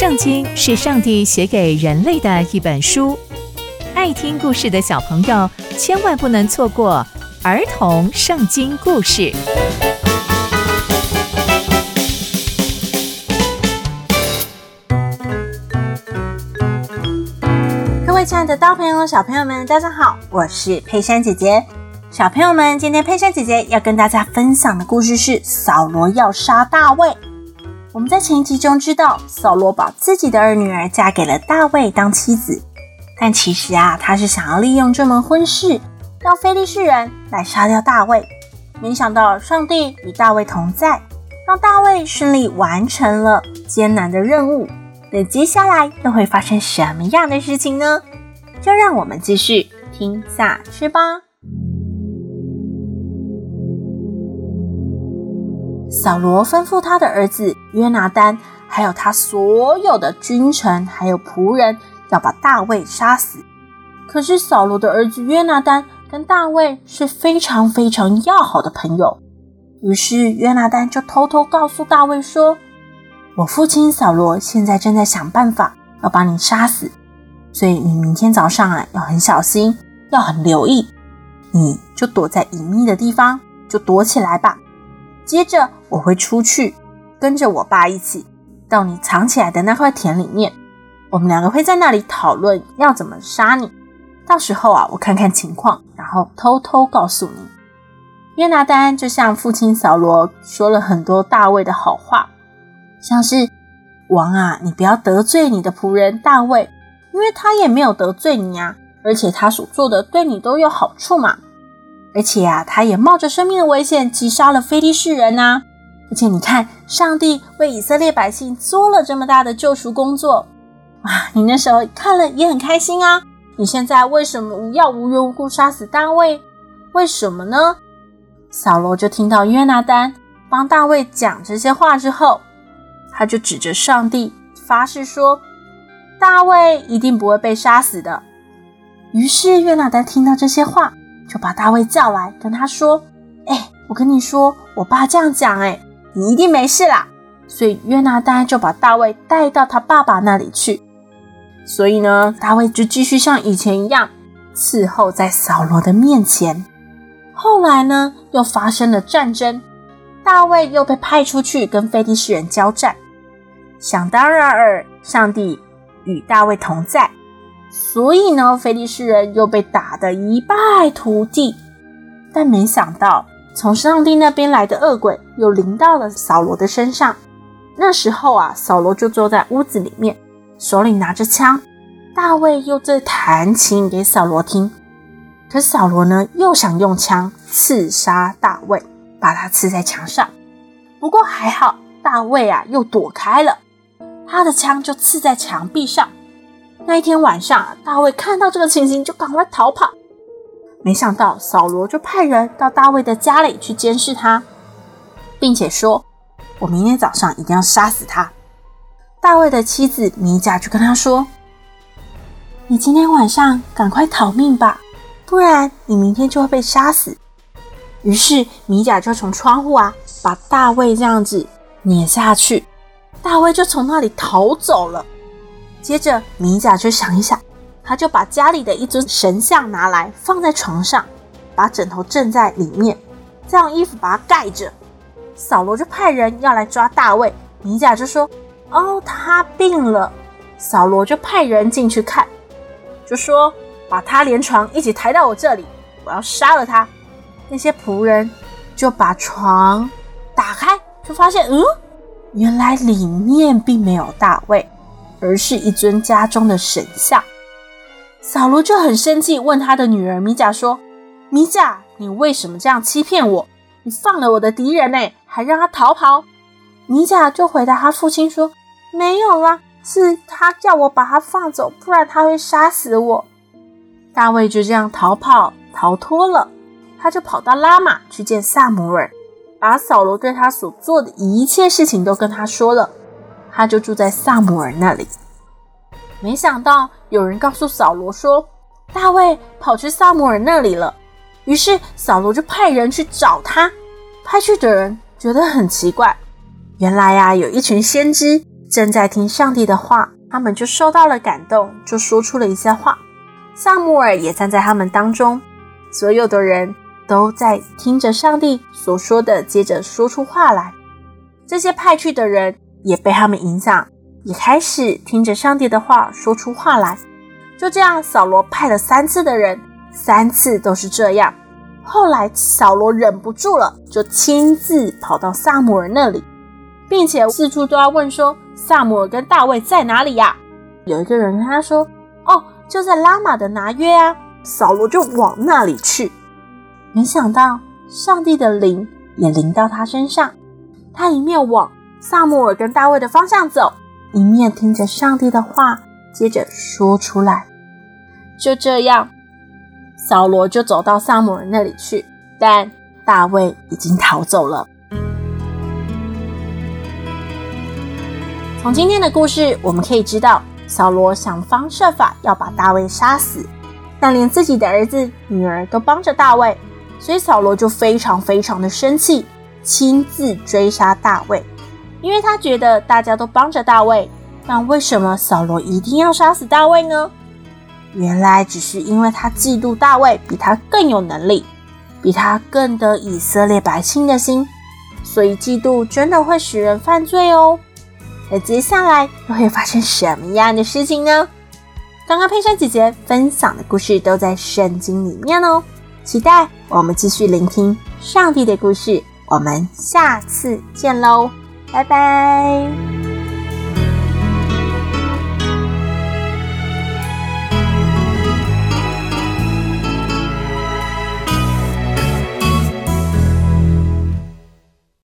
聖經是上帝寫給人類的一本書，愛聽故事的小朋友千萬不能錯過兒童聖經故事。各位親愛的大朋友、小朋友們，大家好，我是佩珊姐姐。小朋友們，今天佩珊姐姐要跟大家分享的故事是掃羅要殺大衛。我們在前一集中知道，掃羅把自己的二女兒嫁給了大衛當妻子，但其實啊，他是想要利用這門婚事，讓非利士人來殺掉大衛。沒想到上帝與大衛同在，讓大衛順利完成了艱難的任務。那接下來又會發生什麼樣的事情呢？就讓我們繼續聽下去吧。掃羅吩咐他的兒子約拿單，還有他所有的君臣，還有僕人，要把大衛殺死。可是掃羅的兒子約拿單跟大衛是非常非常要好的朋友。於是約拿單就偷偷告訴大衛說：“我父親掃羅現在正在想辦法要把你殺死，所以你明天早上啊要很小心，要很留意，你就躲在隱秘的地方，就躲起來吧。”接着我會出去，跟着我爸一起到你藏起來的那塊田裡面。我們兩個會在那裡討論要怎麼殺你。到時候啊，我看看情況，然後偷偷告訴你。約拿單就向父親掃羅說了很多大衛的好話，像是“王啊，你不要得罪你的僕人大衛，因為他也沒有得罪你啊，而且他所做的對你都有好處嘛。”而且呀、啊，他也冒着生命的危險擊殺了非利士人吶、啊，而且你看，上帝為以色列百姓做了這麼大的救贖工作啊！你那時候看了也很開心啊。你現在為什麼要無緣無故殺死大衛？為什麼呢？掃羅就聽到約拿單幫大衛講這些話之後，他就指着上帝發誓說：“大衛一定不會被殺死的。”於是約拿單聽到這些話。就把大衛叫來，跟他說：“哎、欸，我跟你說，我爸這樣講，哎，你一定沒事啦。”所以約拿單就把大衛帶到他爸爸那裡去。所以呢，大衛就繼續像以前一樣伺候在掃羅的面前。後來呢，又發生了戰爭，大衛又被派出去跟非利士人交戰。想當然爾，上帝與大衛同在。所以呢，非利士人又被打得一敗塗地。但沒想到，從上帝那邊來的惡鬼又臨到了掃羅的身上。那時候啊，掃羅就坐在屋子裡面，手裡拿着槍。大衛又在彈琴給掃羅聽。可掃羅呢，又想用槍刺殺大衛，把他刺在牆上。不過還好，大衛啊，又躲開了，他的槍就刺在牆壁上。那一天晚上，大衛看到這個情形，就趕快逃跑。沒想到掃羅就派人到大衛的家裡去監視他，並且說：“我明天早上一定要殺死他。”大衛的妻子米甲就跟他說：“你今天晚上趕快逃命吧，不然你明天就會被殺死。”於是米甲就從窗戶啊把大衛這樣子攆下去，大衛就從那裡逃走了。接着米甲就想一想，他就把家裡的一尊神像拿來放在床上，把枕頭枕在裡面，再用衣服把它蓋着。掃羅就派人要來抓大衛，米甲就說：“哦，他病了。”掃羅就派人進去看，就說：“把他連床一起抬到我這裡，我要殺了他。”那些僕人就把床打開，就發現，嗯，原來裡面並沒有大衛。而是一尊家中的神像，掃羅就很生氣，問他的女兒米甲說：“米甲，你為什麼這樣欺騙我？你放了我的敵人呢，還讓他逃跑？”米甲就回答他父親說：“沒有啊，是他叫我把他放走，不然他會殺死我。”大衛就這樣逃跑逃脫了，他就跑到拉瑪去見撒母耳，把掃羅對他所做的一切事情都跟他說了。他就住在撒母耳那裡。沒想到有人告訴掃羅說，大衛跑去撒母耳那裡了。於是掃羅就派人去找他。派去的人覺得很奇怪，原來呀，有一群先知正在聽上帝的話，他們就受到了感動，就說出了一些話。撒母耳也站在他們當中，所有的人都在聽着上帝所說的，接着說出話來。這些派去的人，也被他們影響，也開始聽着上帝的話說出話來。就這樣，掃羅派了三次的人，三次都是這樣。後來，掃羅忍不住了，就親自跑到撒母耳那裡，並且四處都要問說：“撒母耳跟大衛在哪裡呀、啊？”有一個人跟他說：“哦，就在拉瑪的拿約啊。”掃羅就往那裡去，沒想到上帝的靈也臨到他身上，他一面往。撒母耳跟大衛的方向走，一面聽着上帝的話，接着說出來。就這樣，掃羅就走到撒母耳那裡去，但大衛已經逃走了。從今天的故事，我們可以知道，掃羅想方設法要把大衛殺死，但連自己的兒子、女兒都幫着大衛，所以掃羅就非常非常的生氣，親自追殺大衛。因為他覺得大家都幫着大衛，但為什麼掃羅一定要殺死大衛呢？原來只是因為他嫉妒大衛比他更有能力，比他更得以色列百姓的心，所以嫉妒真的會使人犯罪哦。那接下來又會發生什麼樣的事情呢？剛剛佩珊姐姐分享的故事都在聖經裡面哦，期待我們繼續聆聽上帝的故事。我們下次見嘍！拜拜。